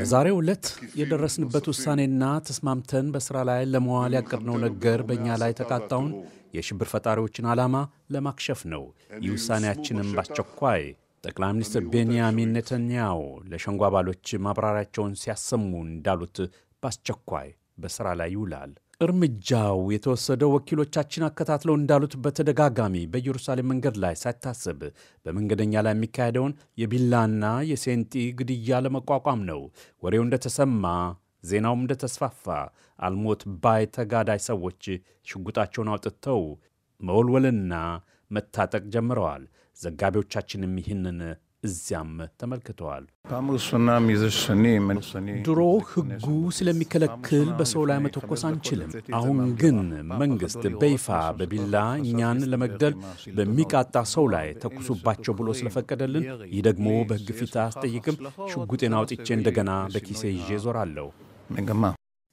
በዛሬው ዕለት የደረስንበት ውሳኔና ተስማምተን በሥራ ላይ ለመዋል ያቀድነው ነገር በእኛ ላይ ተቃጣውን የሽብር ፈጣሪዎችን ዓላማ ለማክሸፍ ነው። ይህ ውሳኔያችንም በአስቸኳይ ጠቅላይ ሚኒስትር ቤንያሚን ኔተንያሁ ለሸንጎ አባሎች ማብራሪያቸውን ሲያሰሙ እንዳሉት በአስቸኳይ በሥራ ላይ ይውላል። እርምጃው የተወሰደው ወኪሎቻችን አከታትለው እንዳሉት በተደጋጋሚ በኢየሩሳሌም መንገድ ላይ ሳይታሰብ በመንገደኛ ላይ የሚካሄደውን የቢላና የሴንጢ ግድያ ለመቋቋም ነው። ወሬው እንደተሰማ ዜናውም እንደተስፋፋ አልሞት ባይ ተጋዳይ ሰዎች ሽጉጣቸውን አውጥተው መወልወልና መታጠቅ ጀምረዋል። ዘጋቢዎቻችንም ይህንን እዚያም ተመልክተዋል። ድሮ ህጉ ስለሚከለክል በሰው ላይ መተኮስ አንችልም። አሁን ግን መንግስት በይፋ በቢላ እኛን ለመግደል በሚቃጣ ሰው ላይ ተኩሱባቸው ብሎ ስለፈቀደልን ይህ ደግሞ በህግ ፊት አያስጠይቅም። ሽጉጤን አውጥቼ እንደገና በኪሴ ይዤ ዞራለሁ።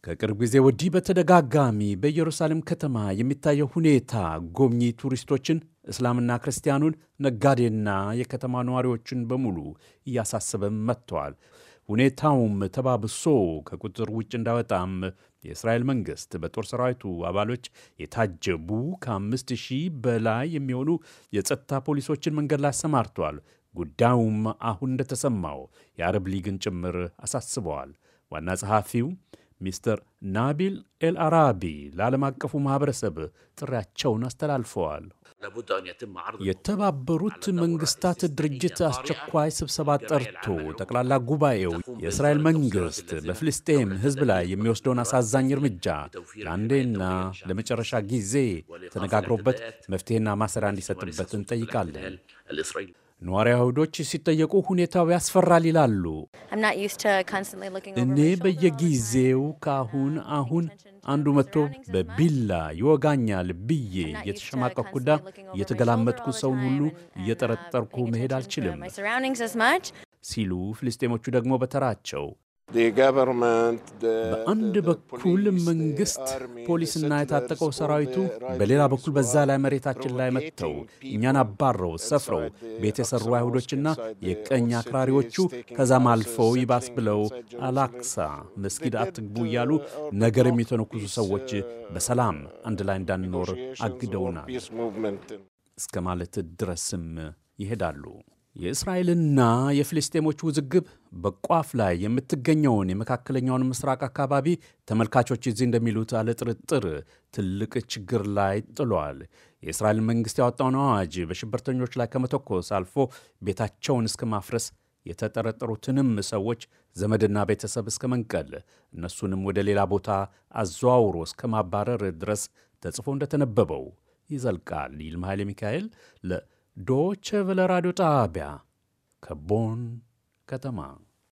ከቅርብ ጊዜ ወዲህ በተደጋጋሚ በኢየሩሳሌም ከተማ የሚታየው ሁኔታ ጎብኚ ቱሪስቶችን እስላምና ክርስቲያኑን፣ ነጋዴና የከተማ ነዋሪዎችን በሙሉ እያሳሰበም መጥተዋል። ሁኔታውም ተባብሶ ከቁጥር ውጭ እንዳወጣም የእስራኤል መንግስት በጦር ሰራዊቱ አባሎች የታጀቡ ከአምስት ሺህ በላይ የሚሆኑ የጸጥታ ፖሊሶችን መንገድ ላይ አሰማርተዋል። ጉዳዩም አሁን እንደተሰማው የአረብ ሊግን ጭምር አሳስበዋል። ዋና ጸሐፊው ሚስተር ናቢል ኤል አራቢ ለዓለም አቀፉ ማህበረሰብ ጥሪያቸውን አስተላልፈዋል። የተባበሩት መንግስታት ድርጅት አስቸኳይ ስብሰባ ጠርቶ ጠቅላላ ጉባኤው የእስራኤል መንግስት በፍልስጤም ሕዝብ ላይ የሚወስደውን አሳዛኝ እርምጃ ለአንዴና ለመጨረሻ ጊዜ ተነጋግሮበት መፍትሄና ማሰሪያ እንዲሰጥበት እንጠይቃለን። ነዋሪ አይሁዶች ሲጠየቁ ሁኔታው ያስፈራል ይላሉ። እኔ በየጊዜው ከአሁን አሁን አንዱ መጥቶ በቢላ ይወጋኛል ብዬ እየተሸማቀኩ እየተገላመጥኩ ሰውን ሁሉ uh, እየጠረጠርኩ መሄድ አልችልም ሲሉ ፍልስጤሞቹ ደግሞ በተራቸው በአንድ በኩል መንግስት፣ ፖሊስና የታጠቀው ሰራዊቱ፣ በሌላ በኩል በዛ ላይ መሬታችን ላይ መጥተው እኛን አባረው ሰፍረው ቤት የሰሩ አይሁዶችና የቀኝ አክራሪዎቹ ከዛም አልፈው ይባስ ብለው አላክሳ መስጊድ አትግቡ እያሉ uh, uh, ነገር የሚተነኩሱ ሰዎች uh, በሰላም አንድ ላይ እንዳንኖር አግደውናል እስከ ማለት ድረስም ይሄዳሉ። የእስራኤልና የፍልስጤሞች ውዝግብ በቋፍ ላይ የምትገኘውን የመካከለኛውን ምስራቅ አካባቢ ተመልካቾች እዚህ እንደሚሉት አለ ጥርጥር ትልቅ ችግር ላይ ጥሏል። የእስራኤል መንግሥት ያወጣውን አዋጅ በሽብርተኞች ላይ ከመተኮስ አልፎ ቤታቸውን እስከ ማፍረስ የተጠረጠሩትንም ሰዎች ዘመድና ቤተሰብ እስከ መንቀል እነሱንም ወደ ሌላ ቦታ አዘዋውሮ እስከ ማባረር ድረስ ተጽፎ እንደተነበበው ይዘልቃል። ይልማ ኃይለ ሚካኤል ዶቸ ቨለ ራዲዮ ጣቢያ ከቦን ከተማ